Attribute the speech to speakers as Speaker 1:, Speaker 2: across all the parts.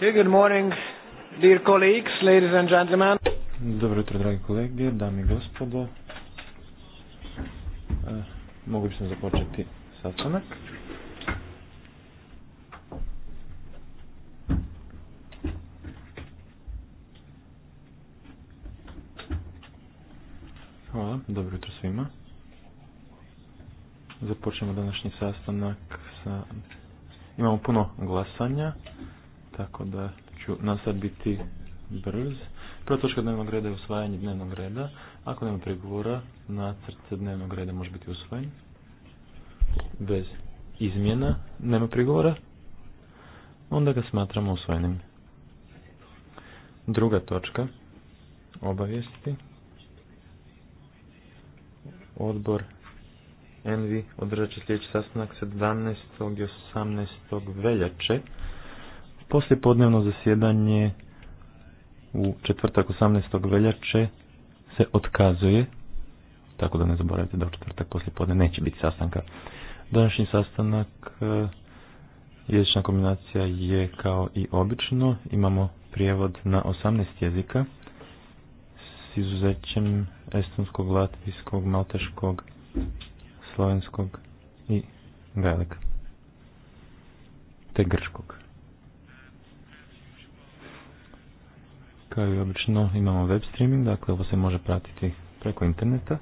Speaker 1: Good morning, dear colleagues, ladies and gentlemen.
Speaker 2: Dobro jutro, dragi kolege, dame i gospodo. E, Mogu sam započeti sastanak. Hvala, dobro jutro svima. Započnemo današnji sastanak sa... Imamo puno glasanja tako da ću nasad biti brz. Prva točka dnevnog reda je usvajanje dnevnog reda. Ako nema pregovora, nacrt dnevnog reda može biti usvojen. Bez izmjena nema prigovora. Onda ga smatramo usvojenim. Druga točka. Obavijesti. Odbor Envi održat će sljedeći sastanak 17. i 18. veljače poslije podnevno zasjedanje u četvrtak 18. veljače se otkazuje, tako da ne zaboravite da u četvrtak poslije podne neće biti sastanka. Današnji sastanak e, jezična kombinacija je kao i obično, imamo prijevod na 18 jezika s izuzećem estonskog, latvijskog, malteškog, slovenskog i galeg, te grčkog. kao i obično imamo web streaming, dakle ovo se može pratiti preko interneta.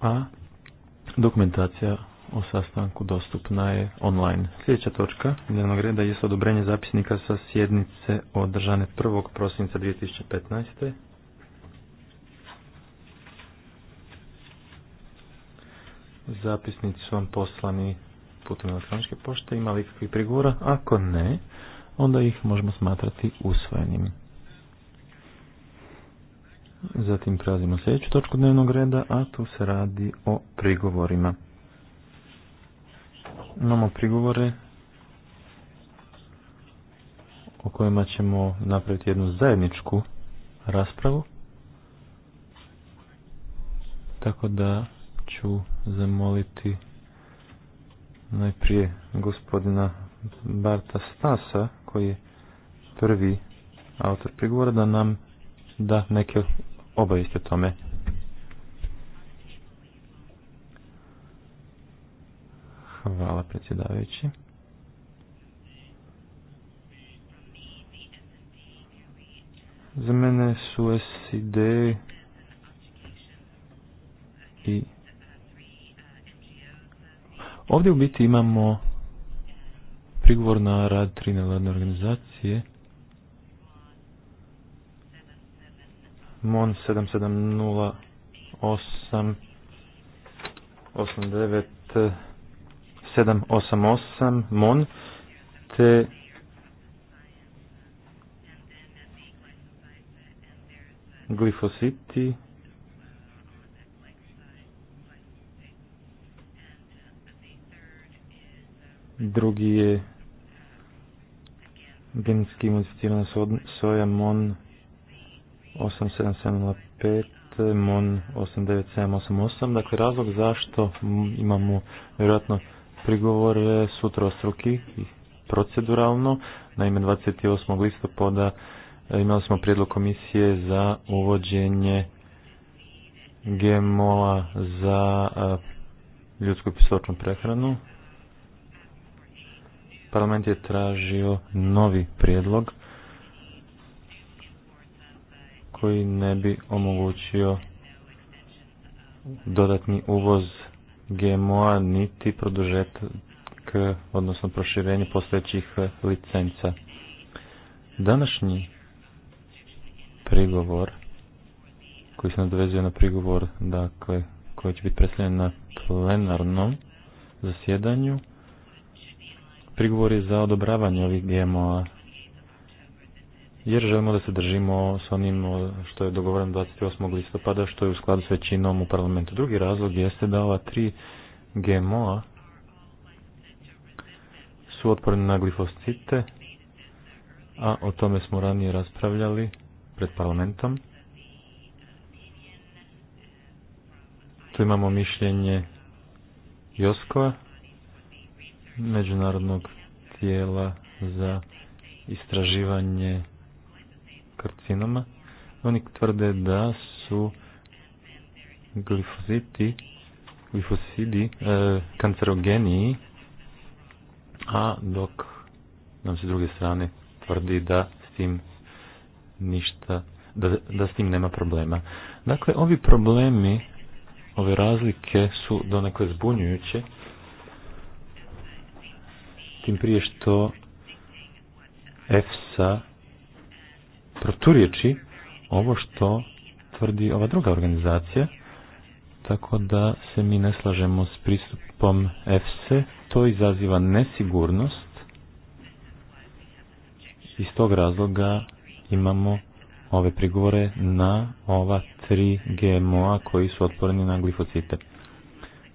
Speaker 2: A dokumentacija o sastanku dostupna je online. Sljedeća točka dnevnog reda je odobrenje zapisnika sa sjednice održane 1. prosinca 2015. Zapisnici su vam poslani putem elektroničke pošte. Ima li kakvih prigora? Ako ne, onda ih možemo smatrati usvojenim. Zatim prelazimo sljedeću točku dnevnog reda, a tu se radi o prigovorima. Imamo prigovore o kojima ćemo napraviti jednu zajedničku raspravu. Tako da ću zamoliti najprije gospodina Barta Stasa, koji je prvi autor prigovora, da nam da neke obaviste o tome. Hvala predsjedavajući. Za mene su SID i Ovdje u biti imamo prigovor na rad tri nevladne organizacije. MON 7708 89 MON te glifositi drugi je genetski modificirana soja MON 8775 MON 89788 dakle razlog zašto imamo vjerojatno prigovore su trostruki i proceduralno naime 28. listopada e, imali smo prijedlog komisije za uvođenje gmo za e, ljudsku pisočnu prehranu parlament je tražio novi prijedlog koji ne bi omogućio dodatni uvoz GMO-a niti produžetak, odnosno proširenje postojećih licenca. Današnji prigovor koji se nadovezuje na prigovor dakle, koji će biti predstavljen na plenarnom zasjedanju prigovori za odobravanje ovih GMO-a jer želimo da se držimo s onim što je dogovoreno 28. listopada, što je u skladu s većinom u parlamentu. Drugi razlog jeste da ova tri GMO-a su otporne na glifoscite, a o tome smo ranije raspravljali pred parlamentom. Tu imamo mišljenje Joskova, međunarodnog tijela za istraživanje karcinoma. Oni tvrde da su glifositi, glifosidi e, kancerogeniji, a dok nam se s druge strane tvrdi da s tim ništa, da, da s tim nema problema. Dakle, ovi problemi, ove razlike su donekle zbunjujuće tim prije što EFSA proturječi ovo što tvrdi ova druga organizacija, tako da se mi ne slažemo s pristupom EFSA, to izaziva nesigurnost, iz tog razloga imamo ove prigovore na ova tri GMO-a koji su otvoreni na glifocite.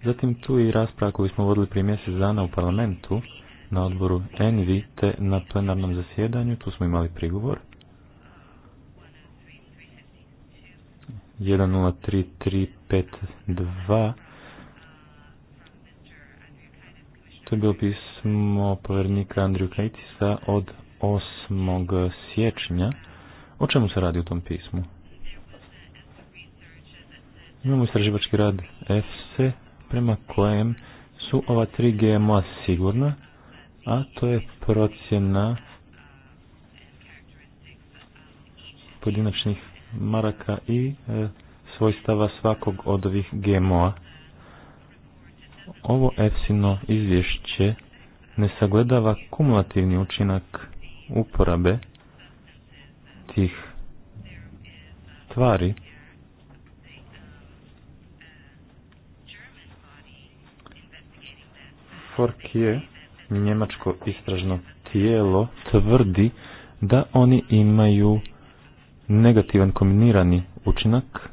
Speaker 2: Zatim tu i rasprava koju smo vodili prije mjesec dana u parlamentu na odboru ENVI te na plenarnom zasjedanju. Tu smo imali prigovor. 103352 To je bilo pismo povjernika Andriju Kajtisa od 8. siječnja. O čemu se radi u tom pismu? Imamo istraživački rad EFSE prema kojem su ova tri GMO sigurna a to je procjena pojedinačnih maraka i e, svojstava svakog od ovih gmo Ovo EFSINO izvješće ne sagledava kumulativni učinak uporabe tih tvari Fork je njemačko istražno tijelo tvrdi da oni imaju negativan kombinirani učinak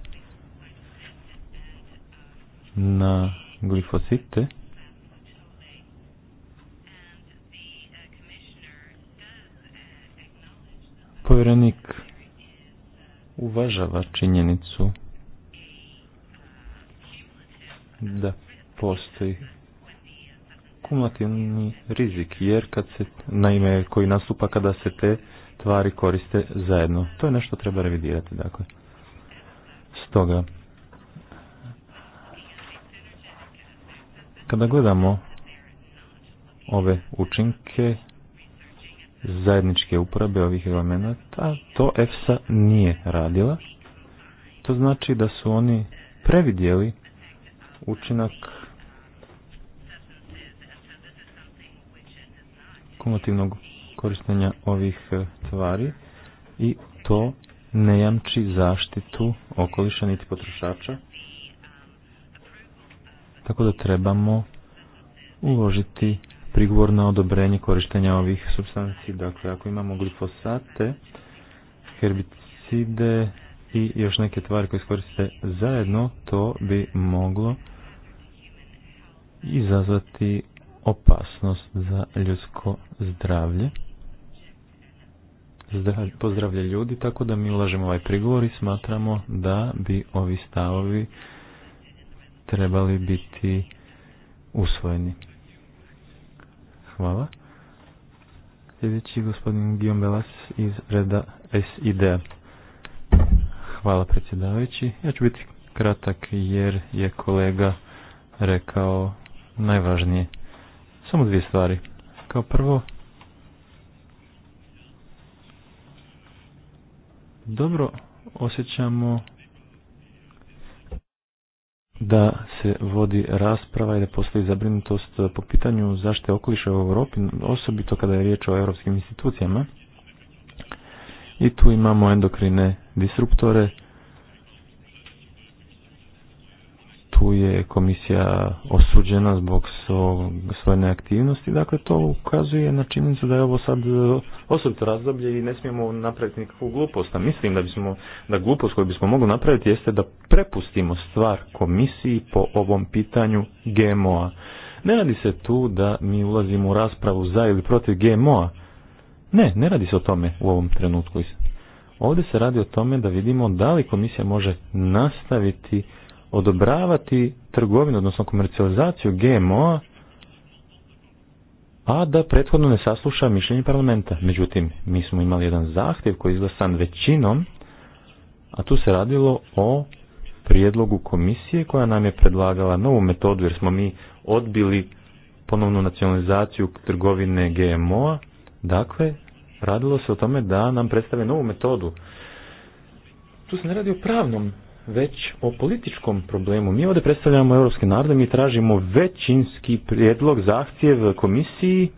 Speaker 2: na glifosite povjerenik uvažava činjenicu da postoji kumulativni rizik, jer kad se, naime, koji nastupa kada se te tvari koriste zajedno. To je nešto treba revidirati, dakle. Stoga, kada gledamo ove učinke zajedničke uporabe ovih elemenata, to EFSA nije radila. To znači da su oni previdjeli učinak kumulativnog korištenja ovih e, tvari i to ne jamči zaštitu okoliša niti potrošača. Tako da trebamo uložiti prigovor na odobrenje korištenja ovih substanci. Dakle, ako imamo glifosate, herbicide i još neke tvari koje koriste zajedno, to bi moglo izazvati opasnost za ljudsko zdravlje, zdravlje pozdravlje ljudi, tako da mi ulažemo ovaj prigovor i smatramo da bi ovi stavovi trebali biti usvojeni. Hvala. Sljedeći gospodin Guillaume Belas iz reda SID. Hvala predsjedavajući. Ja ću biti kratak jer je kolega rekao najvažnije. Samo dvije stvari. Kao prvo, dobro osjećamo da se vodi rasprava i da postoji zabrinutost po pitanju zaštite okoliša u Europi, osobito kada je riječ o europskim institucijama. I tu imamo endokrine disruptore je komisija osuđena zbog svoje neaktivnosti. Dakle, to ukazuje na činjenicu da je ovo sad e, osobito razdoblje i ne smijemo napraviti nikakvu glupost. mislim da bismo, da glupost koju bismo mogli napraviti jeste da prepustimo stvar komisiji po ovom pitanju GMO-a. Ne radi se tu da mi ulazimo u raspravu za ili protiv GMO-a. Ne, ne radi se o tome u ovom trenutku. Ovdje se radi o tome da vidimo da li komisija može nastaviti odobravati trgovinu, odnosno komercijalizaciju GMO-a, a da prethodno ne sasluša mišljenje parlamenta. Međutim, mi smo imali jedan zahtjev koji je izglasan većinom, a tu se radilo o prijedlogu komisije koja nam je predlagala novu metodu jer smo mi odbili ponovnu nacionalizaciju trgovine GMO-a. Dakle, radilo se o tome da nam predstave novu metodu. Tu se ne radi o pravnom već o političkom problemu. Mi ovdje predstavljamo europske narode, mi tražimo većinski prijedlog, zahtjev komisiji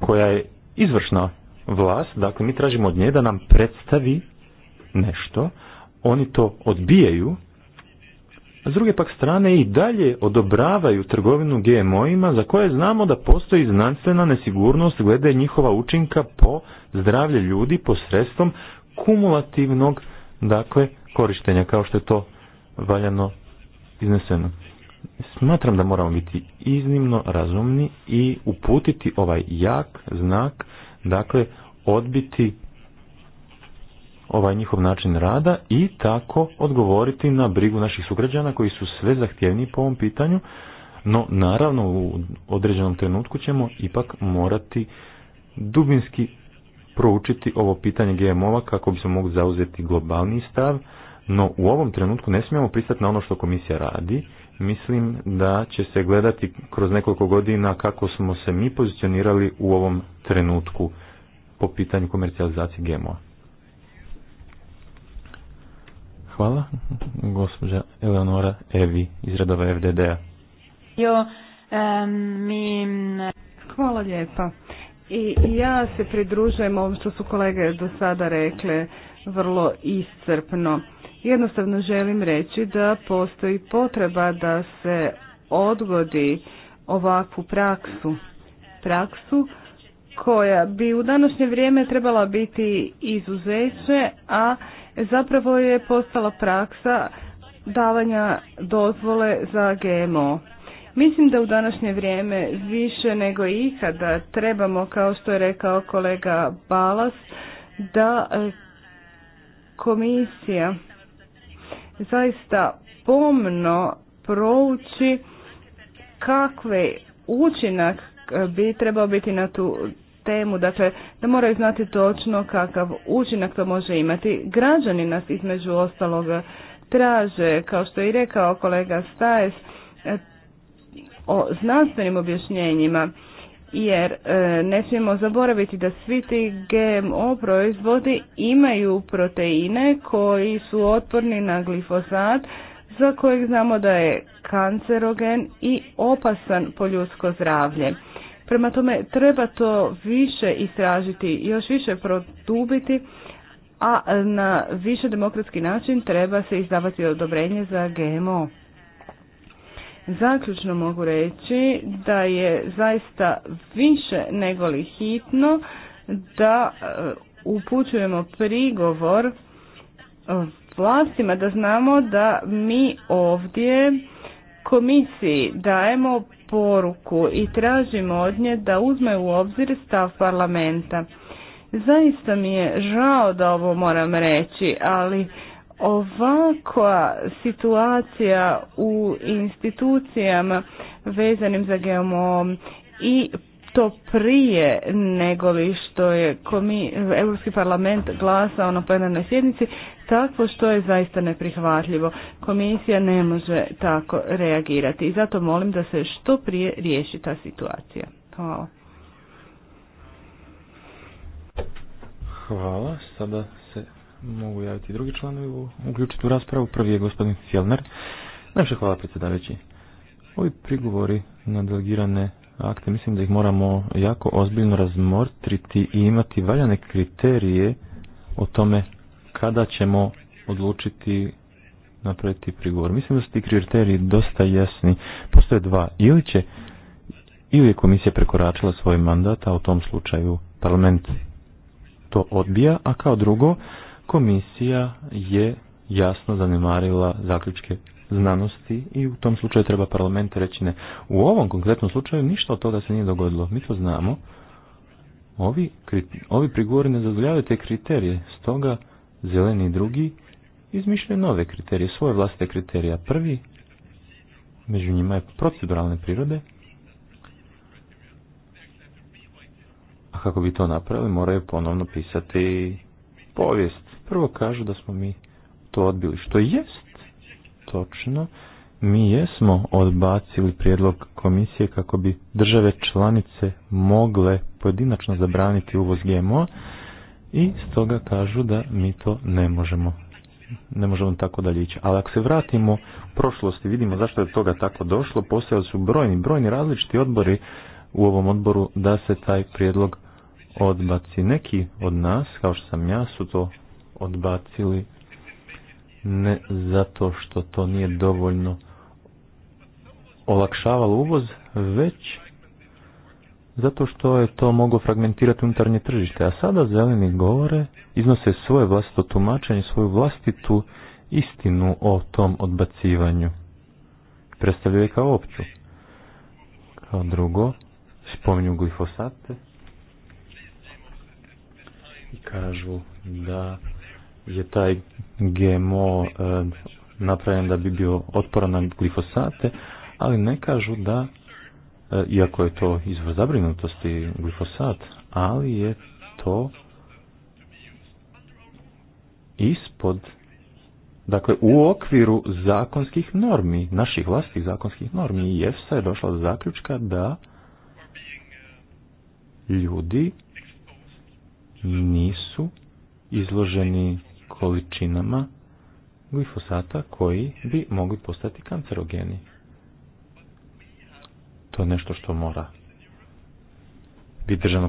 Speaker 2: koja je izvršna vlast, dakle mi tražimo od nje da nam predstavi nešto, oni to odbijaju, a s druge pak strane i dalje odobravaju trgovinu GMO-ima za koje znamo da postoji znanstvena nesigurnost glede njihova učinka po zdravlje ljudi posredstvom kumulativnog dakle korištenja, kao što je to valjano izneseno. Smatram da moramo biti iznimno razumni i uputiti ovaj jak znak, dakle odbiti ovaj njihov način rada i tako odgovoriti na brigu naših sugrađana koji su sve zahtjevniji po ovom pitanju, no naravno u određenom trenutku ćemo ipak morati dubinski proučiti ovo pitanje GMO-a kako bismo mogli zauzeti globalni stav, no u ovom trenutku ne smijemo pristati na ono što komisija radi. Mislim da će se gledati kroz nekoliko godina kako smo se mi pozicionirali u ovom trenutku po pitanju komercijalizacije GMO-a. Hvala, gospođa Eleonora Evi iz redova FDD-a.
Speaker 3: mi... Hvala lijepa.
Speaker 1: I ja se pridružujem ovom što su kolege do sada rekle vrlo iscrpno. Jednostavno želim reći da postoji potreba da se odgodi ovakvu praksu. Praksu koja bi u današnje vrijeme trebala biti izuzeće, a zapravo je postala praksa davanja dozvole za GMO. Mislim da u današnje vrijeme više nego ikada trebamo, kao što je rekao kolega Balas, da e, komisija zaista pomno prouči kakve učinak e, bi trebao biti na tu temu, dakle da moraju znati točno kakav učinak to može imati. Građani nas između ostaloga traže, kao što je i rekao kolega Stajs, e, o znanstvenim objašnjenjima jer e, ne smijemo zaboraviti da svi ti GMO proizvodi imaju proteine koji su otporni na glifosat za kojeg znamo da je kancerogen i opasan po ljudsko zdravlje. Prema tome treba to više istražiti, još više produbiti, a na više demokratski način treba se izdavati odobrenje za GMO. Zaključno mogu reći da je zaista više nego li hitno da e, upućujemo prigovor e, vlastima da znamo da mi ovdje komisiji dajemo poruku i tražimo od nje da uzme u obzir stav parlamenta. Zaista mi je žao da ovo moram reći, ali Ovakva situacija u institucijama vezanim za GMO i to prije nego li što je Europski parlament glasao na plenarnoj sjednici, takvo što je zaista neprihvatljivo. Komisija ne može tako reagirati i zato molim da se što prije riješi ta situacija. Hvala.
Speaker 2: Hvala. Sada mogu javiti drugi članovi uključiti u raspravu. Prvi je gospodin Fjellner. Najviše hvala predsjedavajući. Ovi prigovori na delegirane akte, mislim da ih moramo jako ozbiljno razmotriti i imati valjane kriterije o tome kada ćemo odlučiti napraviti prigovor. Mislim da su ti kriteriji dosta jasni. Postoje dva. Ili će ili je komisija prekoračila svoj mandat, a u tom slučaju parlament to odbija, a kao drugo komisija je jasno zanemarila zaključke znanosti i u tom slučaju treba parlament reći ne. U ovom konkretnom slučaju ništa od toga se nije dogodilo. Mi to znamo. Ovi, ovi prigovori ne zadovoljavaju te kriterije. Stoga zeleni i drugi izmišljaju nove kriterije, svoje vlastite kriterije. Prvi među njima je proceduralne prirode. A kako bi to napravili, moraju ponovno pisati povijest prvo kažu da smo mi to odbili, što jest točno. Mi jesmo odbacili prijedlog komisije kako bi države članice mogle pojedinačno zabraniti uvoz GMO i stoga kažu da mi to ne možemo. Ne možemo tako dalje ići. Ali ako se vratimo u prošlosti, vidimo zašto je toga tako došlo, postojali su brojni, brojni različiti odbori u ovom odboru da se taj prijedlog odbaci. Neki od nas, kao što sam ja, su to odbacili ne zato što to nije dovoljno olakšavalo uvoz, već zato što je to moglo fragmentirati unutarnje tržište. A sada zeleni govore, iznose svoje vlastito tumačenje, svoju vlastitu istinu o tom odbacivanju. Predstavljaju kao opću. Kao drugo, spominju glifosate i kažu da je taj GMO e, napravljen da bi bio otporan na glifosate, ali ne kažu da, e, iako je to izvor zabrinutosti glifosat, ali je to ispod, dakle u okviru zakonskih normi, naših vlastih zakonskih normi, i je došla do zaključka da ljudi nisu izloženi količinama glifosata koji bi mogli postati kancerogeni. To je nešto što mora biti držano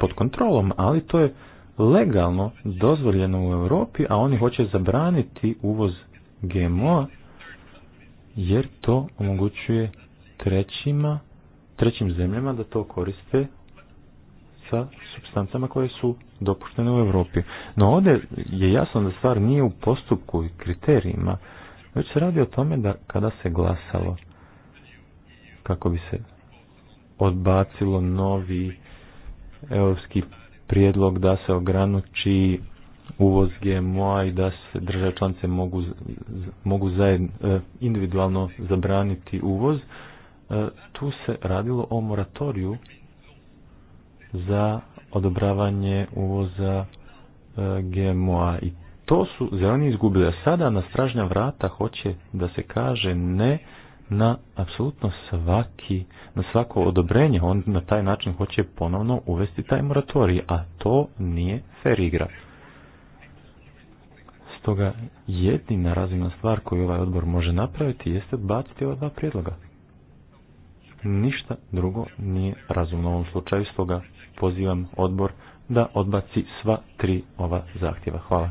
Speaker 2: pod kontrolom, ali to je legalno dozvoljeno u Europi, a oni hoće zabraniti uvoz gmo jer to omogućuje trećima, trećim zemljama da to koriste sa substancama koje su dopuštene u Europi. No ovdje je jasno da stvar nije u postupku i kriterijima, već se radi o tome da kada se glasalo kako bi se odbacilo novi europski prijedlog da se ograniči uvoz gmo i da se države članice mogu, mogu zajedno, e, individualno zabraniti uvoz, e, tu se radilo o moratoriju za odobravanje uvoza e, GMO-a i to su zeleni izgubili, a sada na stražnja vrata hoće da se kaže ne na apsolutno svaki, na svako odobrenje, on na taj način hoće ponovno uvesti taj moratorij, a to nije fair igra. Stoga jedina razumna stvar koju ovaj odbor može napraviti jeste baciti ova dva prijedloga. Ništa drugo nije razumno u ovom slučaju, stoga pozivam odbor da odbaci sva tri ova zahtjeva. Hvala.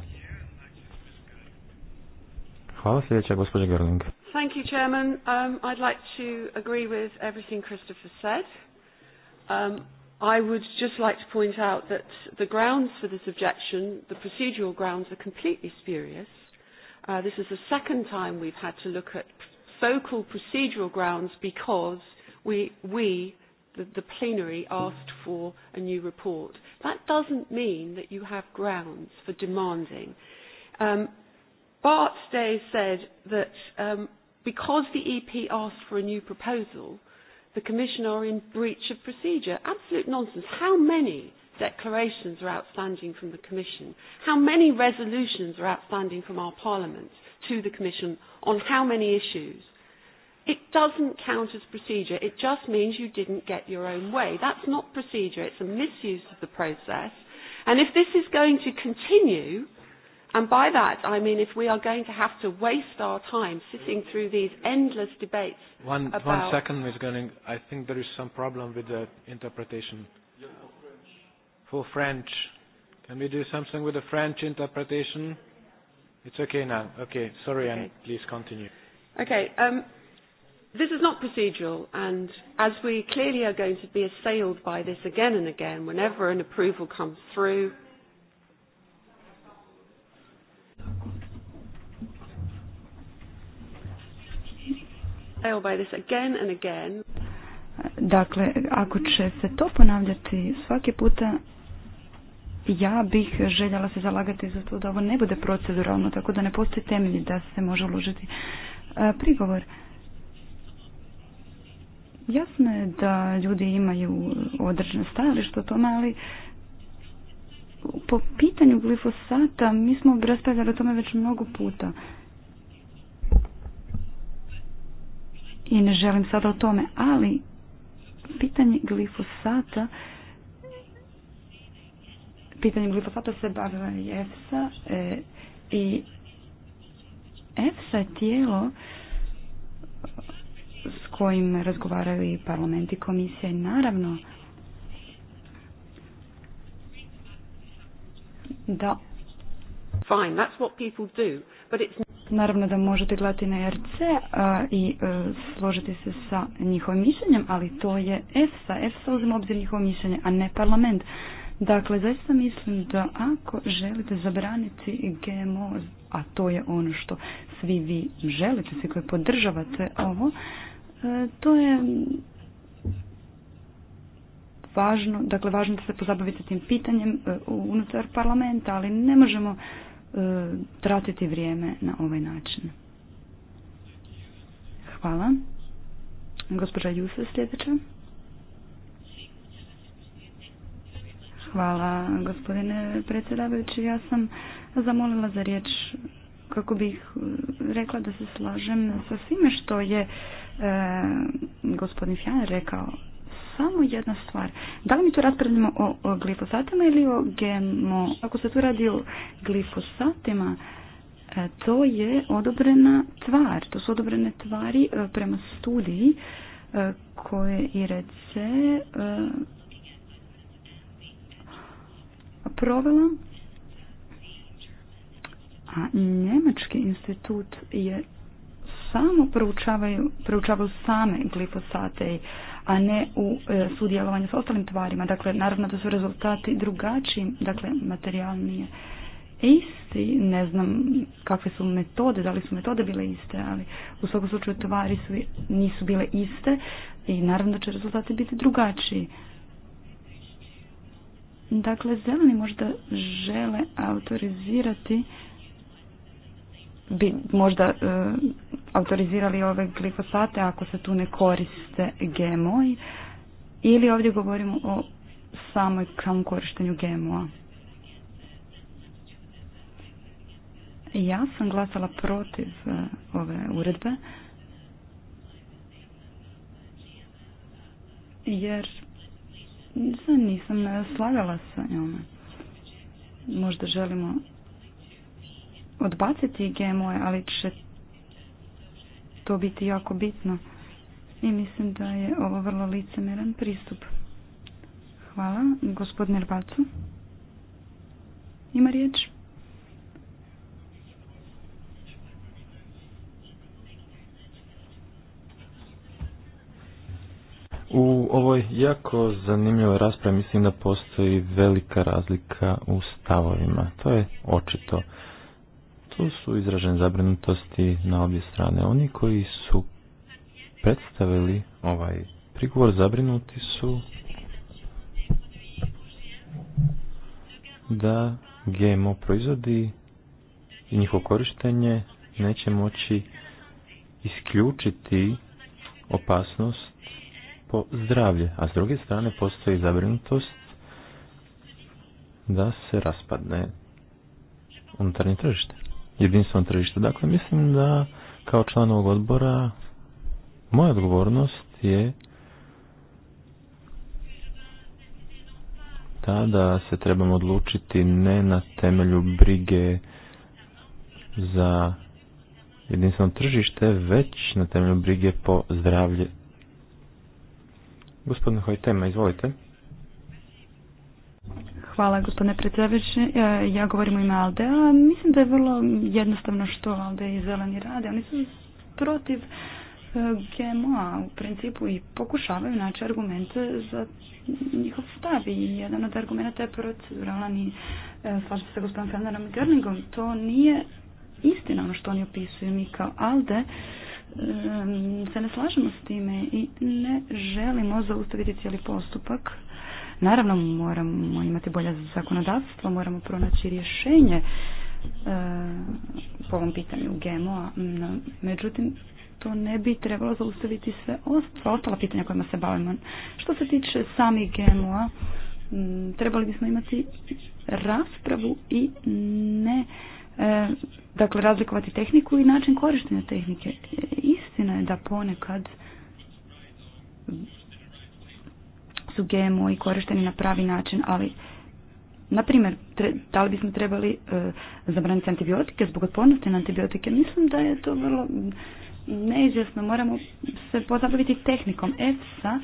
Speaker 2: Hvala sljedeća gospođa Gerling.
Speaker 4: Thank you, Chairman. Um, I'd like to agree with everything Christopher said. Um, I would just like to point out that the grounds for this objection, the procedural grounds, are completely spurious. Uh, this is the second time we've had to look at focal procedural grounds because we, we the, the plenary asked for a new report. That doesn't mean that you have grounds for demanding. Um, Bart Day said that um, because the EP asked for a new proposal, the Commission are in breach of procedure. Absolute nonsense. How many declarations are outstanding from the Commission? How many resolutions are outstanding from our Parliament to the Commission on how many issues? It doesn't count as procedure. It just means you didn't get your own way. That's not procedure. It's a misuse of the process. And if this is going to continue, and by that I mean if we are going to have to waste our time sitting through these endless debates.
Speaker 2: One, about one second, Ms. Gunning. I think there is some problem with the interpretation.
Speaker 4: Yeah, for, French.
Speaker 2: for French. Can we do something with the French interpretation? It's okay now. Okay, sorry, okay. and please continue.
Speaker 4: Okay, um, This is not procedural, and as we clearly are going to be assailed by this again and again, whenever an approval comes through, assailed by this again and again.
Speaker 3: Dakle, ako će se to ponavljati svaki puta, ja bih željela se zalagati za to da ovo ne bude proceduralno, tako da ne postoji temelji da se može uložiti e, prigovor. Jasno je da ljudi imaju određeno stajalište o tome, ali po pitanju glifosata mi smo raspravljali o tome već mnogo puta. I ne želim sada o tome, ali pitanje glifosata pitanje glifosata se bavila i EFSA e, i EFSA je tijelo s kojim razgovaraju i parlament i komisija naravno da Naravno da možete gledati na RC i e, složiti se sa njihovim mišljenjem, ali to je EFSA. EFSA uzima obzir njihovo mišljenje, a ne parlament. Dakle, zaista mislim da ako želite zabraniti GMO, a to je ono što svi vi želite, svi koji podržavate ovo, E, to je važno, dakle važno da se pozabavite tim pitanjem e, unutar parlamenta, ali ne možemo e, tratiti vrijeme na ovaj način. Hvala. Gospođa Jusa sljedeća. Hvala gospodine predsjedavajući. Ja sam zamolila za riječ kako bih rekla da se slažem sa svime što je E, gospodin Fjan rekao samo jedna stvar. Da li mi to raspravljamo o, o glifosatima ili o GMO? Ako se tu radi o glifosatima, e, to je odobrena tvar. To su odobrene tvari e, prema studiji e, koje e, provela. A Njemački institut je samo proučavaju, proučavaju same glifosate, a ne u e, sudjelovanju s ostalim tvarima. Dakle, naravno da su rezultati drugačiji, dakle, materijal nije isti, ne znam kakve su metode, da li su metode bile iste, ali u svakom slučaju tvari su, nisu bile iste i naravno da će rezultati biti drugačiji. Dakle, zeleni možda žele autorizirati bi možda e, autorizirali ove glifosate ako se tu ne koriste GMO ili ovdje govorimo o samoj samom korištenju GMO-a. Ja sam glasala protiv e, ove uredbe jer nisam e, slagala sa njome. Možda želimo odbaciti GMO-e, ali će to biti jako bitno. I mislim da je ovo vrlo licemeran pristup. Hvala. gospodine. Nerbacu. Ima riječ?
Speaker 2: U ovoj jako zanimljivoj raspravi mislim da postoji velika razlika u stavovima. To je očito tu su izražene zabrinutosti na obje strane. Oni koji su predstavili ovaj prigovor zabrinuti su da GMO proizvodi i njihovo korištenje neće moći isključiti opasnost po zdravlje, a s druge strane postoji zabrinutost da se raspadne unutarnje tržište jedinstveno tržište. Dakle, mislim da kao član ovog odbora moja odgovornost je ta da se trebamo odlučiti ne na temelju brige za jedinstveno tržište, već na temelju brige po zdravlje. Gospodin Hojtema, izvolite.
Speaker 3: Hvala gospodine predsjedavajući. E, ja govorim u ime Aldea. Mislim da je vrlo jednostavno što Alde i Zeleni rade. Oni su protiv e, GMO-a u principu i pokušavaju naći argumente za njihov stav i jedan od argumenta je proceduralan i e, slažem se gospodinom Fenderom Gerlingom. To nije istina ono što oni opisuju. Mi kao Alde se ne slažemo s time i ne želimo zaustaviti cijeli postupak Naravno moramo imati bolje zakonodavstvo, moramo pronaći rješenje e, po ovom pitanju GMO-a. Međutim, to ne bi trebalo zaustaviti sve ostala pitanja kojima se bavimo. Što se tiče samih GMO-a, trebali bismo imati raspravu i ne e, dakle razlikovati tehniku i način korištenja tehnike. E, istina je da ponekad su GMO i korišteni na pravi način, ali na primjer, da li bismo trebali e, zabraniti antibiotike zbog otpornosti na antibiotike? Mislim da je to vrlo neizvjesno. Moramo se pozabaviti tehnikom. EFSA e,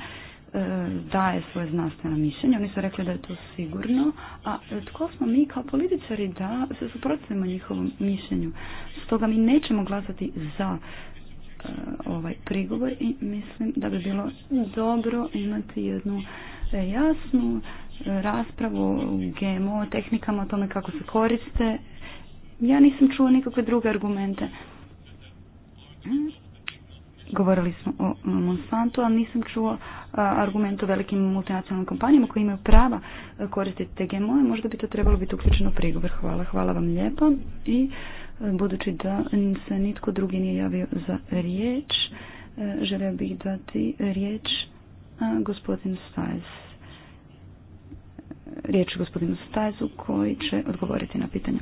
Speaker 3: daje svoje znanstveno mišljenje. Oni su rekli da je to sigurno. A tko smo mi kao političari da se suprotstavimo njihovom mišljenju? Stoga mi nećemo glasati za Eh, ovaj prigovor i mislim da bi bilo dobro imati jednu eh, jasnu eh, raspravu u GMO tehnikama, o tome kako se koriste. Ja nisam čuo nikakve druge argumente. Govorili smo o Monsanto, ali nisam čuo argument o velikim multinacionalnim kompanijama koji imaju prava koristiti te GMO. Možda bi to trebalo biti uključeno prigovor. Hvala. Hvala vam lijepo i Budući da se nitko drugi nije javio za riječ, e, želio bih dati riječ gospodin Riječ gospodinu Stajzu koji će odgovoriti na pitanje.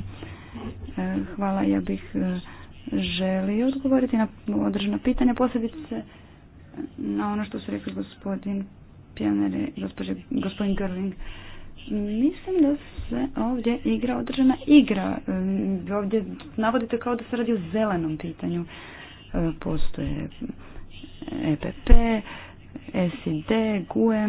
Speaker 3: E, hvala, ja bih e, želio odgovoriti na određena pitanja, posebice na ono što su rekli gospodin Pjener, i gospodin Gerling. Mislim da se ovdje igra održana igra. E, ovdje navodite kao da se radi o zelenom pitanju. E, postoje EPP, SID, GUE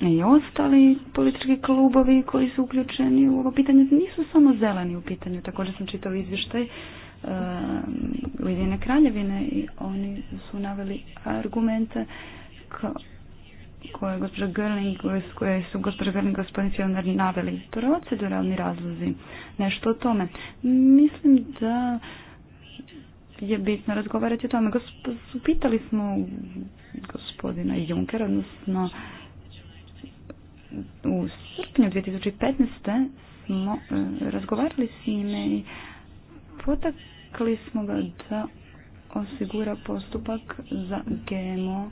Speaker 3: i ostali politički klubovi koji su uključeni u ovo pitanje nisu samo zeleni u pitanju. Također sam čitao izvještaj e, Ujedine kraljevine i oni su naveli argumente kao koje, gospođa i koje su gospođa Gerling i gospodin To naveli. Proceduralni razlozi, nešto o tome. Mislim da je bitno razgovarati o tome. pitali smo gospodina Junkera, odnosno u srpnju 2015. smo e, razgovarali s njime i potakli smo ga da osigura postupak za GMO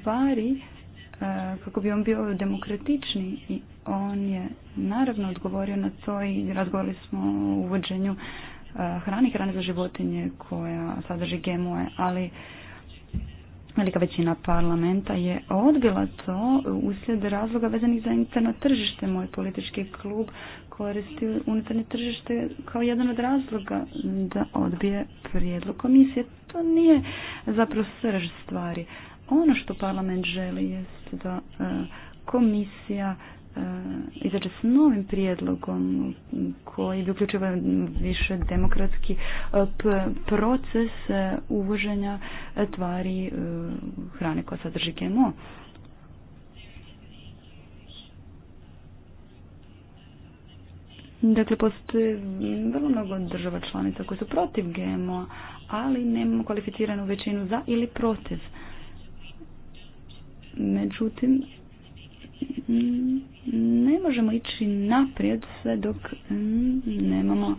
Speaker 3: stvari e, kako bi on bio demokratični i on je naravno odgovorio na to i razgovarali smo o uvođenju e, hrani, hrane za životinje koja sadrži gmo ali velika većina parlamenta je odbila to uslijed razloga vezanih za interno tržište. Moj politički klub koristi unutarnje tržište kao jedan od razloga da odbije prijedlog komisije. To nije zapravo srž stvari. Ono što parlament želi jest da e, komisija e, izađe s novim prijedlogom koji bi više demokratski e, proces uvoženja tvari hrane koja sadrži GMO. Dakle, postoje vrlo mnogo država članica koje su protiv GMO, ali nemamo kvalificiranu većinu za ili protiv. Međutim, ne možemo ići naprijed sve dok nemamo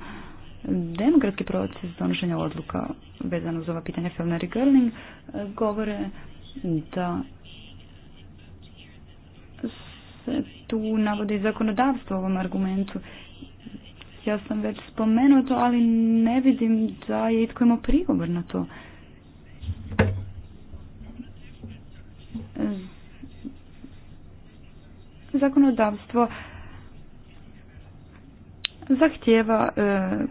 Speaker 3: demokratski proces donošenja odluka vezano za ova pitanja Felner i Gerling govore da se tu navode zakonodavstvo u ovom argumentu. Ja sam već spomenuo to, ali ne vidim da je itko imao prigovor na to. zakonodavstvo zahtjeva e,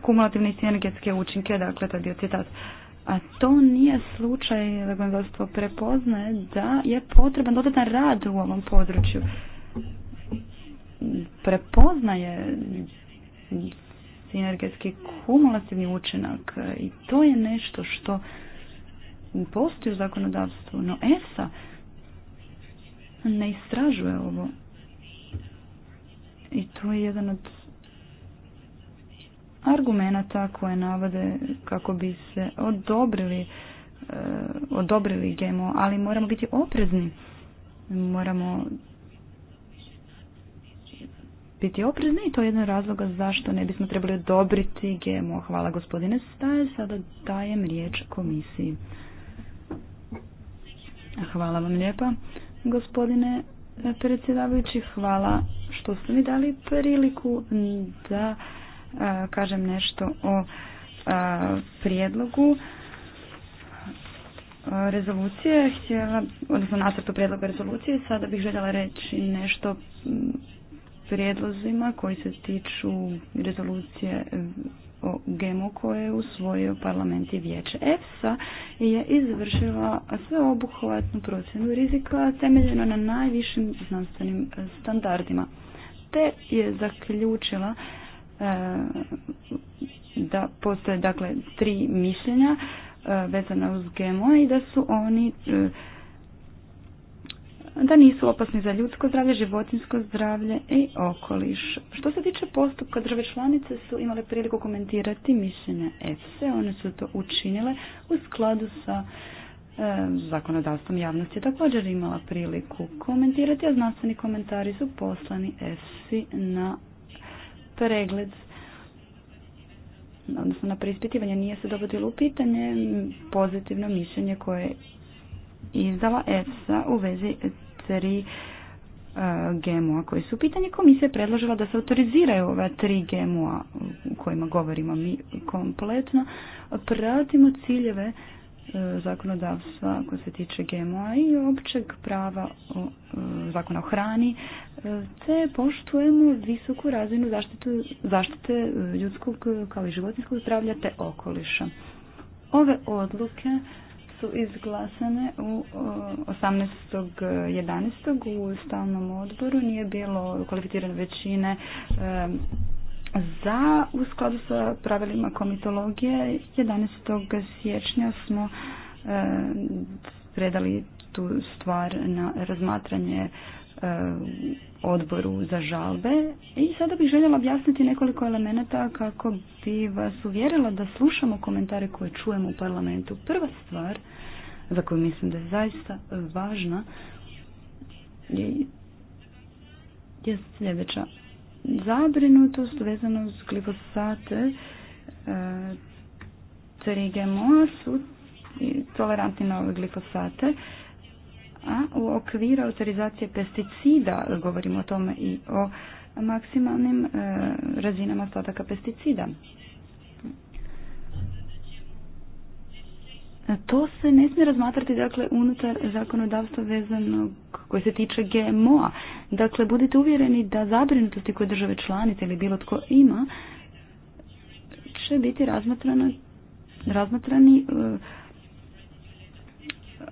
Speaker 3: kumulativne i sinergetske učinke, dakle to je A to nije slučaj, zakonodavstvo prepoznaje da je potreban dodatan rad u ovom području. Prepoznaje sinergetski kumulativni učinak i to je nešto što postoji u zakonodavstvu, no ESA ne istražuje ovo i to je jedan od argumenata koje navode kako bi se odobrili, eh, odobrili GMO, ali moramo biti oprezni. Moramo biti oprezni i to je jedan razloga zašto ne bismo trebali odobriti GMO. Hvala gospodine Staje, sada dajem riječ komisiji. Hvala vam lijepa gospodine Predsjedavajući, hvala što ste mi dali priliku da kažem nešto o a, prijedlogu rezolucije. Htjela, odnosno nacrtu prijedloga rezolucije, sada bih željela reći nešto prijedlozima koji se tiču rezolucije o GMO koje je usvojio parlament i vijeće. EFSA je izvršila sveobuhvatnu procjenu rizika temeljeno na najvišim znanstvenim e, standardima. Te je zaključila e, da postoje dakle tri mišljenja e, vezana uz GMO i da su oni da nisu opasni za ljudsko zdravlje, životinsko zdravlje i okoliš. Što se tiče postupka, države članice su imale priliku komentirati mišljenje EFSE, one su to učinile u skladu sa e, zakonodavstvom javnosti je također imala priliku komentirati, a znanstveni komentari su poslani EFSI na pregled odnosno na preispitivanje nije se dovodilo u pitanje pozitivno mišljenje koje je izdala EFSA u vezi proceseri e, GMO-a koji su u pitanju. Komisija predložila da se autoriziraju ova tri GMO-a o kojima govorimo mi kompletno. Pratimo ciljeve e, zakonodavstva koje se tiče GMO-a i općeg prava e, zakona o hrani, te poštujemo visoku razinu zaštite ljudskog kao i životinskog zdravlja te okoliša. Ove odluke su izglasane u 18.11. u stalnom odboru. Nije bilo kvalificirane većine za u skladu sa pravilima komitologije. 11. siječnja smo predali tu stvar na razmatranje Eh, odboru za žalbe i sada bih željela objasniti nekoliko elemenata kako bi vas uvjerila da slušamo komentare koje čujemo u parlamentu. Prva stvar za koju mislim da je zaista važna je, je sljedeća. Zabrinutost vezano s glifosate e, eh, GMO su tolerantni na ove glifosate u okviru autorizacije pesticida, govorimo o tome i o maksimalnim e, razinama ostataka pesticida. E, to se ne smije razmatrati dakle unutar zakonodavstva vezanog koje se tiče GMO-a. Dakle, budite uvjereni da zabrinutosti koje države članice ili bilo tko ima će biti razmatrani e,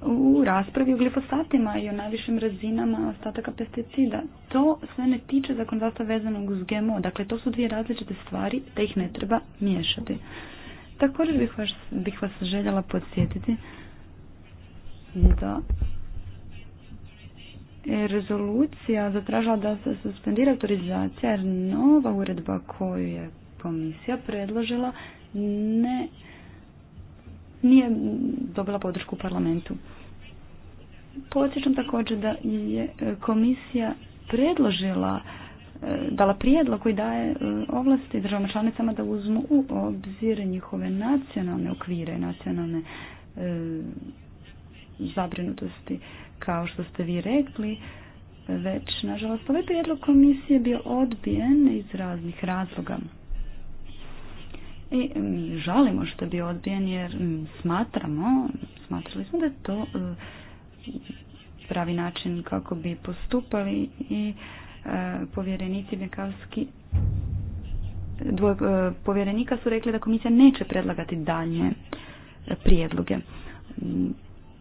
Speaker 3: u raspravi o glifosatima i o najvišim razinama ostataka pesticida. To se ne tiče zakonodavstva vezanog uz GMO. Dakle, to su dvije različite stvari, da ih ne treba miješati. Također bih vas, bih vas željela podsjetiti da rezolucija zatražila da se suspendira autorizacija jer nova uredba koju je komisija predložila ne nije dobila podršku u parlamentu. Podsjećam također da je e, komisija predložila e, dala prijedlog koji daje e, ovlasti državama članicama da uzmu u obzir njihove nacionalne okvire nacionalne zabrinutosti. Kao što ste vi rekli, već nažalost ovaj prijedlog komisije bio odbijen iz raznih razloga. I mi mm, žalimo što je bio odbijen jer mm, smatramo, smatrali smo da je to e, pravi način kako bi postupali i e, povjerenici Bekavski dvoje e, povjerenika su rekli da komisija neće predlagati dalje prijedloge. Mm,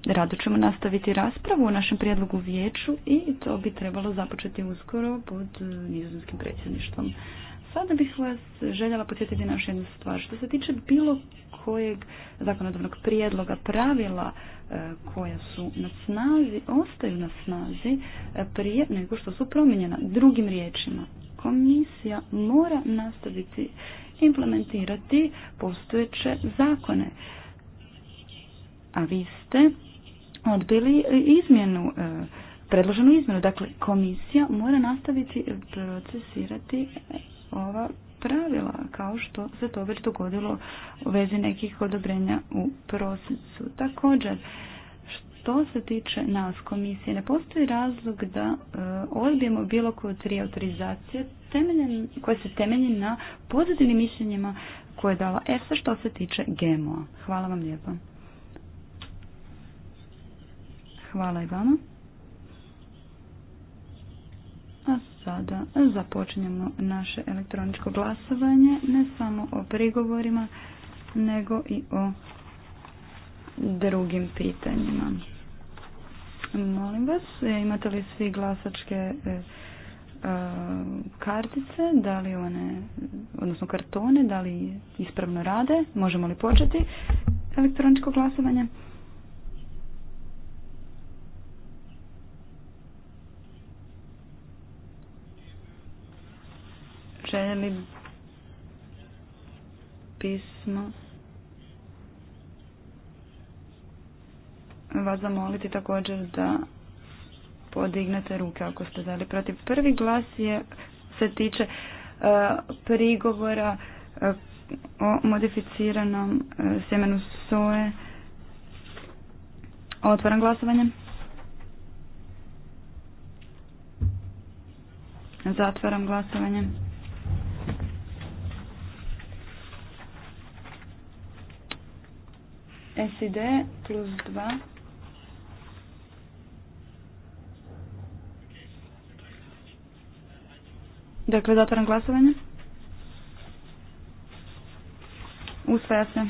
Speaker 3: rado ćemo nastaviti raspravu o našem prijedlogu vijeću i to bi trebalo započeti uskoro pod nizozemskim predsjedništvom. Sada bih vas željela podsjetiti na još jednu stvar. Što se tiče bilo kojeg zakonodavnog prijedloga, pravila e, koja su na snazi, ostaju na snazi e, prije nego što su promijenjena. Drugim riječima, komisija mora nastaviti implementirati postojeće zakone. A vi ste odbili izmjenu e, predloženu izmjenu. Dakle, komisija mora nastaviti procesirati ova pravila, kao što se to već dogodilo u vezi nekih odobrenja u prosincu. Također, što se tiče nas komisije, ne postoji razlog da e, odbijemo bilo koju tri autorizacije temeljen, koje se temelji na pozitivnim mišljenjima koje je dala EFSA što se tiče GMO-a. Hvala vam lijepo. Hvala i vama. A sada započinjemo naše elektroničko glasovanje ne samo o prigovorima, nego i o drugim pitanjima. Molim vas, e, imate li svi glasačke e, e, kartice, da li one, odnosno kartone, da li ispravno rade, možemo li početi elektroničko glasovanje? li pismo vas zamoliti također da podignete ruke ako ste dali protiv. Prvi glas je se tiče e, prigovora e, o modificiranom e, sjemenu soje. Otvaram glasovanje. Zatvaram glasovanje. SID plus 2. Dakle, zatvaram glasovanje. Usvaja se.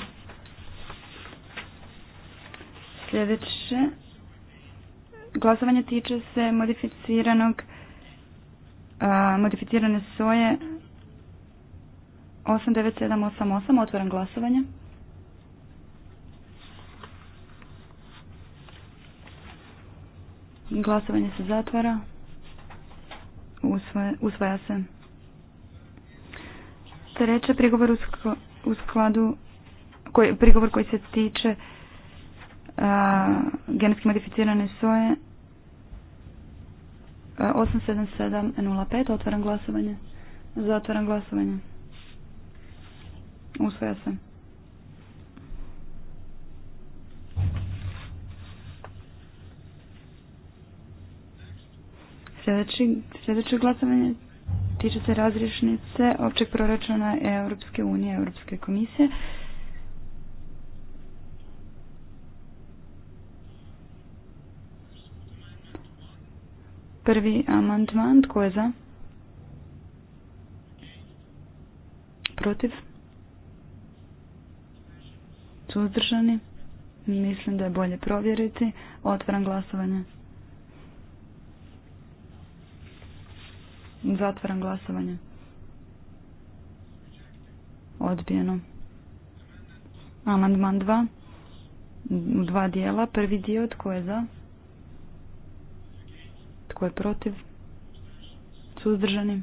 Speaker 3: Sljedeće. Glasovanje tiče se modificiranog a, modificirane soje 89788. Otvaram glasovanje. Glasovanje se zatvara. Usvaja, se. Treće, prigovor u skladu, koji, prigovor koji se tiče a, genetski modificirane soje. 87705, otvaram glasovanje. Zatvaram glasovanje. Usvaja se. sljedeće glasovanje tiče se razrišnice općeg proračuna Europske unije, Europske komisije. Prvi amandman, tko je za? Protiv? Suzdržani? Mislim da je bolje provjeriti. Otvaram glasovanje. Zatvaram glasovanje. Odbijeno. Amandman 2. dva dijela. Prvi dio tko je za? Tko je protiv? Suzdržani?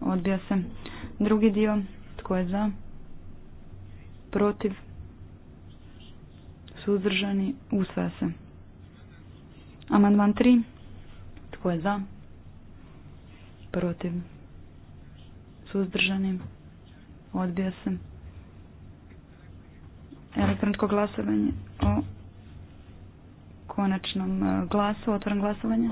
Speaker 3: Odbija se. Drugi dio. Tko je za? Protiv? Suzdržani? Usvaja se. Amandman 3. Tko je za? protiv, suzdržanim odbija se. Elektronsko glasovanje o konačnom e, glasu, otvoren glasovanje.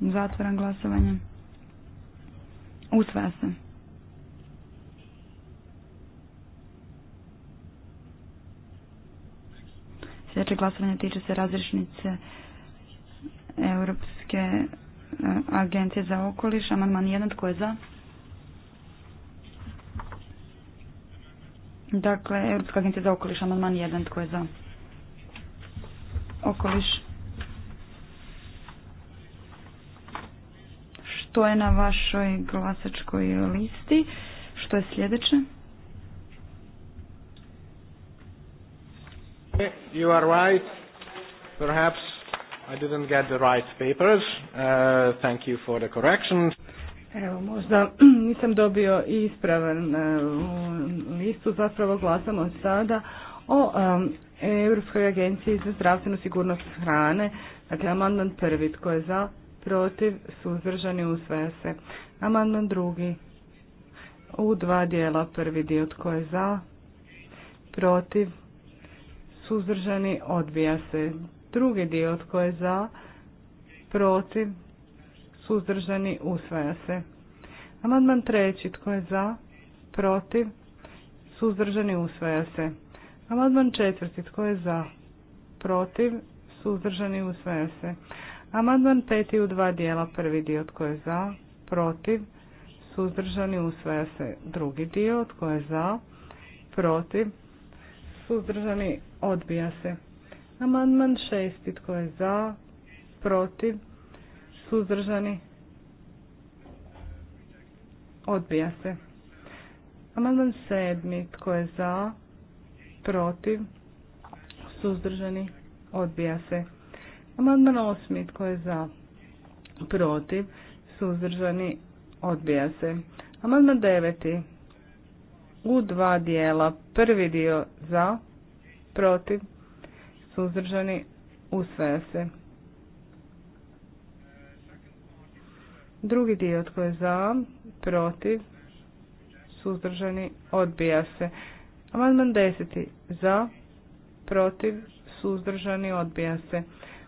Speaker 3: Zatvoran glasovanje. Usvaja se. Znači, glasovanje tiče se razrišnice Europske e, agencije za okoliš. Amandman 1. Tko je za? Dakle, Europska agencija za okoliš. Amandman jedan Tko je za? Okoliš. Što je na vašoj glasačkoj listi? Što je sljedeće?
Speaker 1: you are right. Perhaps I didn't get the right papers.
Speaker 2: Uh, thank you for the
Speaker 1: Evo, možda nisam dobio ispravan uh, listu, zapravo glasamo sada o um, Europskoj agenciji za zdravstvenu sigurnost hrane. Dakle, amandman prvi, tko je za, protiv, suzdržani, usvaja se. Amandman drugi, u dva dijela, prvi dio, tko je za, protiv, suzdržani, odbija se. Drugi dio tko je za, protiv, suzdržani, usvaja se. Amandman treći tko je za, protiv, suzdržani, usvaja se. Amandman četvrti tko je za, protiv, suzdržani, usvaja se. Amandman peti u dva dijela, prvi dio tko je za, protiv, suzdržani, usvaja se. Drugi dio tko je za, protiv, suzdržani, odbija se. Amandman šesti, tko je za, protiv, suzdržani, odbija se. Amandman sedmi, tko je za, protiv, suzdržani, odbija se. Amandman osmi, tko je za, protiv, suzdržani, odbija se. Amandman deveti, u dva dijela, prvi dio za, protiv, suzdržani, usvaja se. Drugi dio tko je za, protiv, suzdržani, odbija se. Amandman deseti za, protiv, suzdržani, odbija se.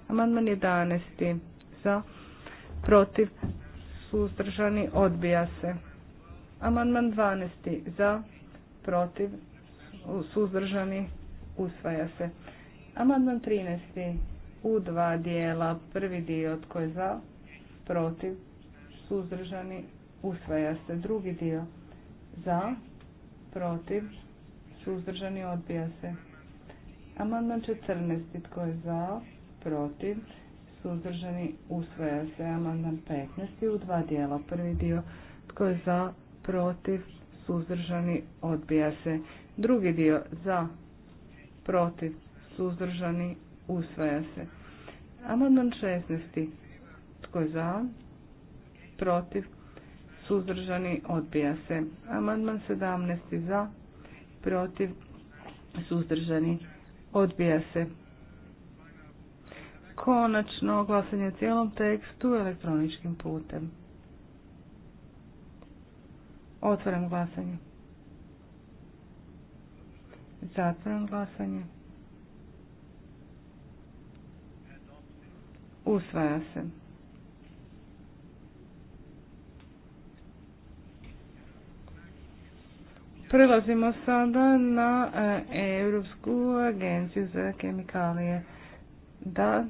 Speaker 1: Amandman jedanesti za, protiv, suzdržani, odbija se. Amandman 12. za, protiv, suzdržani, usvaja se. Amandman 13. u dva dijela, prvi dio tko je za, protiv, suzdržani, usvaja se. Drugi dio za, protiv, suzdržani, odbija se. Amandman 14. tko je za, protiv, suzdržani, usvaja se. Amandman 15. u dva dijela, prvi dio tko je za, protiv, suzdržani, odbija se. Drugi dio za, protiv, suzdržani, usvaja se. Amandman 16. Tko je za? Protiv, suzdržani, odbija se. Amandman 17. Za, protiv, suzdržani, odbija se. Konačno glasanje cijelom tekstu elektroničkim putem. Otvaram glasanje. Zatvoram glasanje. Usvaja se. Prelazimo sada na e, Europsku agenciju za kemikalije. Da,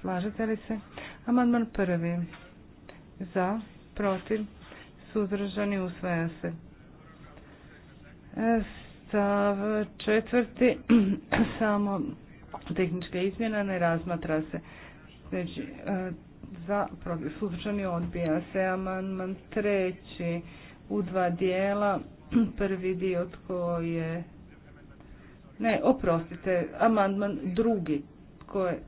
Speaker 1: slažete li se? Amandman prvi. Za, protiv, suzdržani, usvaja se. E, Stav četvrti, samo tehnička izmjena ne razmatra se. Znači, e, za suzdržani odbija se amandman treći u dva dijela. Prvi dio tko je... Ne, oprostite, amandman drugi tko je...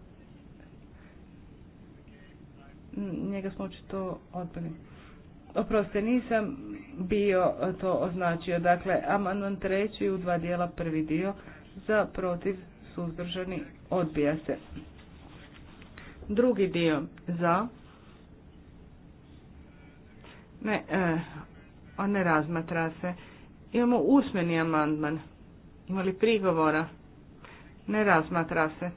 Speaker 1: Njega smo očito odbili. Oprostite, nisam bio to označio. Dakle, amandman treći u dva dijela prvi dio za protiv suzdržani odbija se. Drugi dio za ne, on eh, ne razmatra se. Imamo usmeni amandman. Ima li prigovora? Ne razmatra se.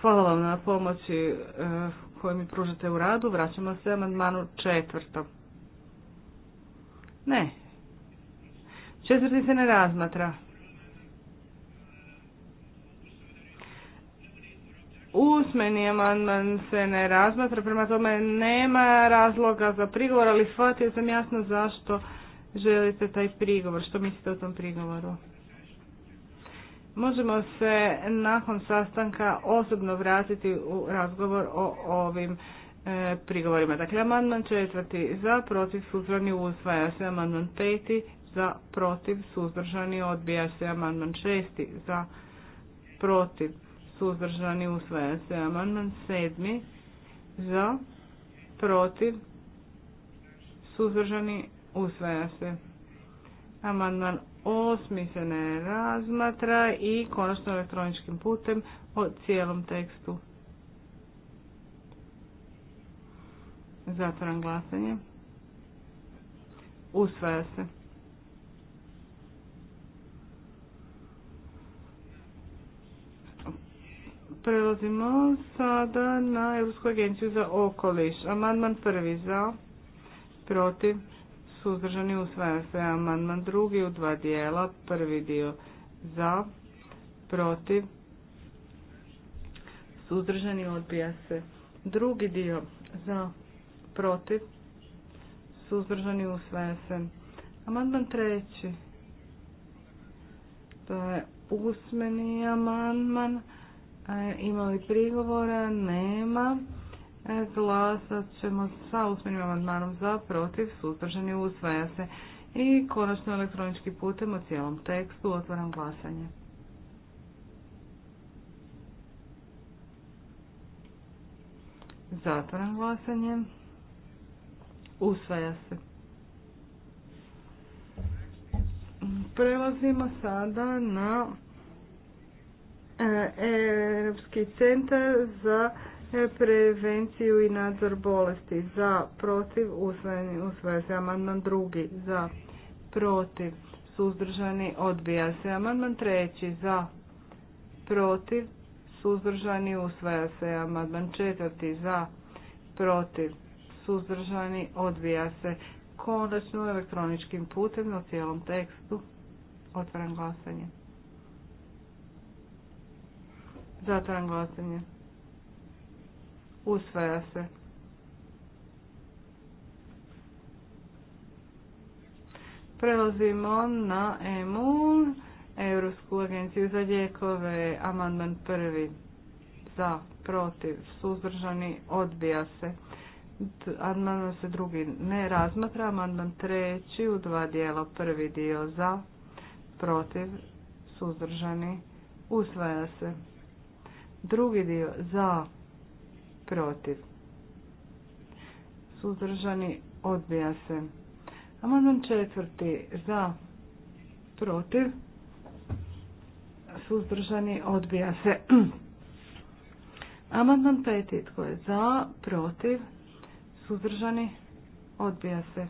Speaker 1: Hvala vam na pomoći eh, koje mi pružate u radu, vraćamo se amandmanu četvrtom. Ne. Četvrti se ne razmatra. Usmeni amandman se ne razmatra, prema tome nema razloga za prigovor, ali shvatio sam jasno zašto želite taj prigovor. Što mislite o tom prigovoru? možemo se nakon sastanka osobno vratiti u razgovor o ovim e, prigovorima. Dakle, amandman četvrti za, protiv, suzdržani, usvaja se. Amandman peti za, protiv, suzdržani, odbija se. Amandman šesti za, protiv, suzdržani, usvaja se. Amandman sedmi za, protiv, suzdržani, usvaja se. Amandman osmi se ne razmatra i konačno elektroničkim putem o cijelom tekstu. Zatvoram glasanje. Usvaja se. Prelazimo sada na Europsku agenciju za okoliš. Amandman prvi za, protiv, suzdržani usvaja se amandman drugi u dva dijela, prvi dio za, protiv, suzdržani odbija se. Drugi dio za, protiv, suzdržani usvaja se. Amandman treći, to je usmeni amandman, e, ima li prigovora, nema. Glasat ćemo sa usmenim amandmanom za, protiv, suzdržani, usvaja se. I konačno elektronički putem u cijelom tekstu otvaram glasanje. Zatvaram glasanje. Usvaja se. Prelazimo sada na e, Europski centar za prevenciju i nadzor bolesti za protiv usvojeni usvaja se amandman drugi za protiv suzdržani odbija se amandman treći za protiv suzdržani usvaja se amandman četvrti za protiv suzdržani odbija se konačno elektroničkim putem na cijelom tekstu otvaram glasanje zatvaram glasanje Usvaja se. Prelazimo na EMU, Europsku agenciju za lijekove, amandman prvi. Za, protiv, suzdržani, odbija se. Amandman se drugi ne razmatra, amandman treći u dva dijela, prvi dio za, protiv, suzdržani, usvaja se. Drugi dio za, protiv. Suzdržani odbija se. Amandman četvrti za protiv. Suzdržani odbija se. Amandman peti tko je za protiv. Suzdržani odbija se.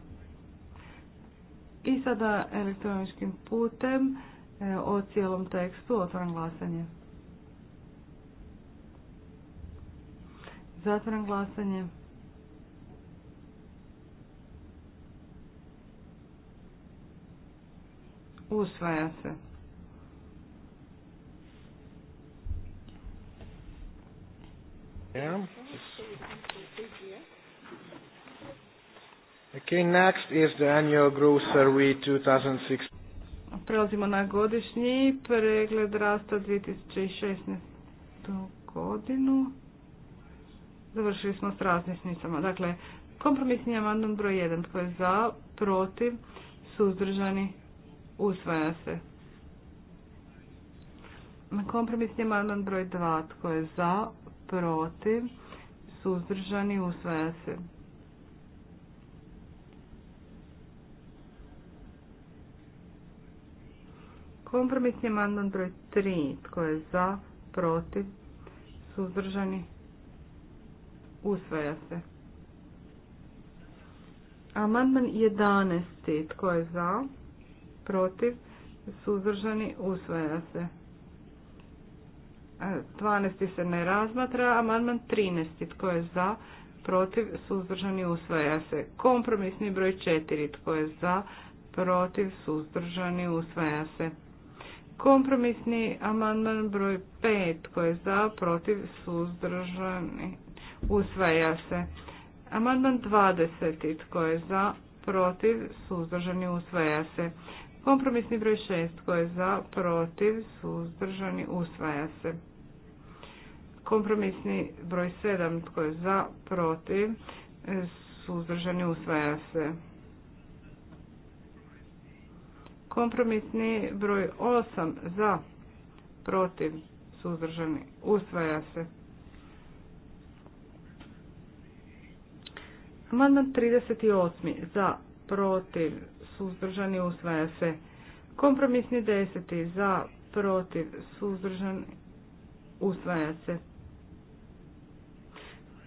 Speaker 1: I sada elektroničkim putem e, o cijelom tekstu otvoram glasanje. Zatvaram glasanje. Usvaja se. next is
Speaker 2: the annual growth survey
Speaker 1: Prelazimo na godišnji pregled rasta 2016. godinu. Završili smo s razmisnicama. Dakle, kompromisni amandman broj 1. Tko je za, protiv, suzdržani, usvaja se. Kompromisni amandman broj 2. Tko je za, protiv, suzdržani, usvaja se. Kompromisni amandman broj 3. Tko je za, protiv, suzdržani, Usvaja se. Amandman 11. Tko je za? Protiv? Suzdržani? Usvaja se. 12. E, se ne razmatra. Amandman 13. Tko je za? Protiv? Suzdržani? Usvaja se. Kompromisni broj 4. Tko je za? Protiv? Suzdržani? Usvaja se. Kompromisni amandman broj 5. Tko je za? Protiv? Suzdržani? usvaja se. Amandman 20. Tko je za, protiv, suzdržani, usvaja se. Kompromisni broj 6. Tko je za, protiv, suzdržani, usvaja se. Kompromisni broj 7. Tko je za, protiv, suzdržani, usvaja se. Kompromisni broj 8. Za, protiv, suzdržani, usvaja se. Amandman 38. Za, protiv, suzdržani, usvaja se. Kompromisni 10. Za, protiv, suzdržani, usvaja se.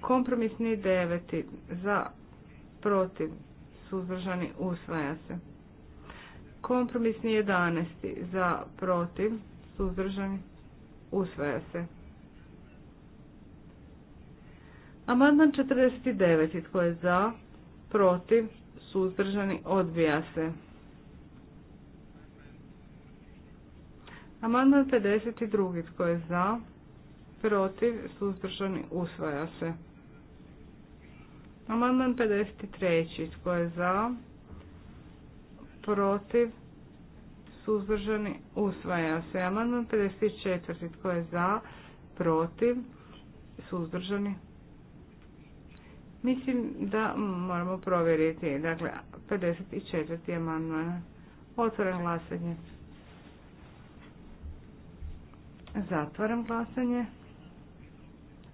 Speaker 1: Kompromisni 9. Za, protiv, suzdržani, usvaja se. Kompromisni 11. Za, protiv, suzdržani, usvaja se. Amandman 49. Tko je za? Protiv? Suzdržani? Odbija se. Amandman 52. Tko je za? Protiv? Suzdržani? Usvaja se. Amandman 53. Tko je za? Protiv? Suzdržani? Usvaja se. Amandman 54. Tko je za? Protiv? Suzdržani? Mislim da moramo provjeriti. Dakle, 54. amandman. Otvoram glasanje. Zatvaram glasanje.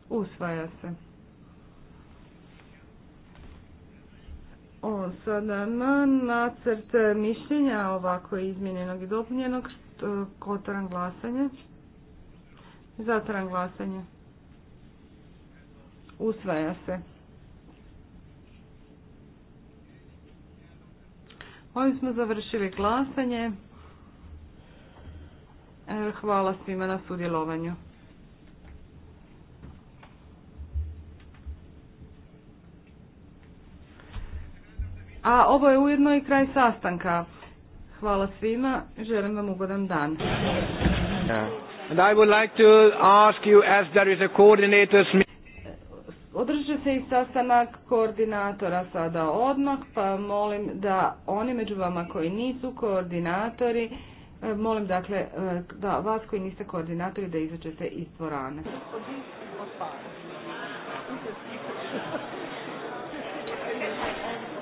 Speaker 1: Usvaja se. O, sada na nacrt mišljenja ovako izmjenjenog i dopunjenog. Otvaram glasanje. Zatvaram glasanje. Usvaja se. Ovim smo završili glasanje. E, hvala svima na sudjelovanju. A ovo je ujedno i kraj sastanka. Hvala svima, želim vam ugodan dan. And I would like to ask you as there is a Održat se i sastanak koordinatora sada odmah, pa molim da oni među vama koji nisu koordinatori, e, molim dakle e, da vas koji niste koordinatori da izađete iz dvorane.